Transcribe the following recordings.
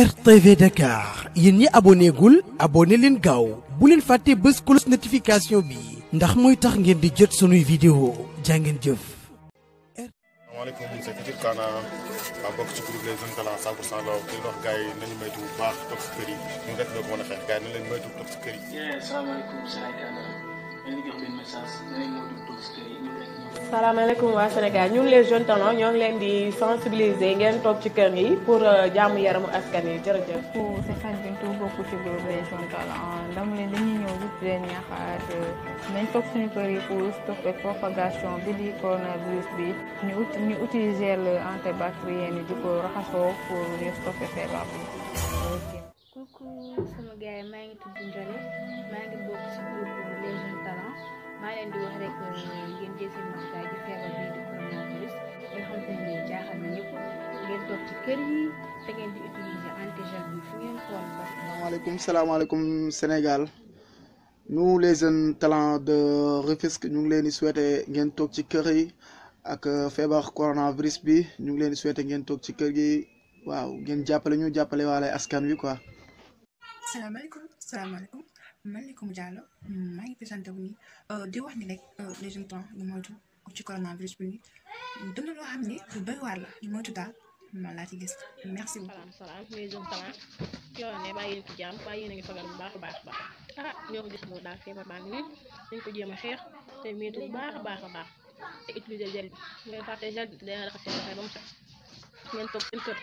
RTV Dakar yéen ñi abonné gul abonné leen gaaw bu leen fàtte bés cloche notification bi ndax mooy tax ngeen di jot sunuy vidéo jàngeen jëf. a xeex salaamaaleykum wa Sénégal ñun les jeunes talents ñoo ngi leen di sensibiliser ngeen toog ci kër yi pour euh, jàmm yaramu askan yi jërëjëf. pour c'est ça Bintou bokku ci groupe les jeunes talents dama leen dañuy ñëw di leen ñaaxaat euh, nañ top suñu kër yi pour stopper propagation bi di coronavirus bi ñu ñu utiliser le antibactérien di ko raxasoo pour ñu stopper feebar bi. coucou sama gars yi maa ngi tudd Ndiolé maa ngi. maa leen di wax rek euh, ngeen jël ci kër yi te ngeen di salaamaaleykum salaamaaleykum Sénégal les jeunes talents de Rufisque ñu ngi leen di souhaiter ngeen toog ci kër yi ak euh, feebar coronavirus bi ñu ngi leen di souhaiter ngeen toog ci kër gi waaw ngeen jàppale ñu jàppale waale askan wi quoi. salaamaaleykum maaleykum Diallo maa ngi présenté wu nii euh, di wax ni rek euh, les jeunes temps ñu moytu ci coronavirus bi nii dund loo xam ne lu bëri la ñu moytu daal man laa ci gis merci beaucoup. salaam salaam les jeunes talent yoo ne bàyyi nañ ci jàmm baax a baax baax ah daal feebar a xeex te métti bu baax a baax a te utiliser gel bi ngeen fàtte gel bi dina raxas seen loxo ba mu set ngeen kër.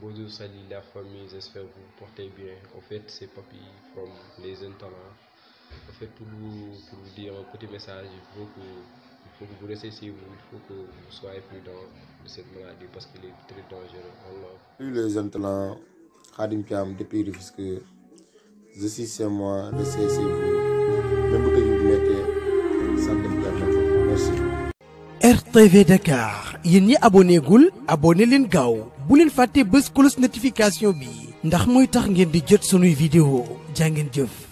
Bonjour, salut la famille, j'espère que vous portez bien. En fait, c'est Papy from Les intendants. En fait, pour vous, pour vous dire un petit message, il faut que, il faut que vous restez chez vous, il faut que vous soyez prudent de cette maladie parce qu'elle est très dangereuse. Les intendants, Khadim Piam, depuis risque je suis chez moi, restez chez vous. Même que vous mettez, santé Merci. RTV Dakar. yéen ñi abonné gul leen gaaw bu leen fàttee bés cloche notification bi ndax mooy tax ngeen di jot sunuy vidéo jàngeen jëf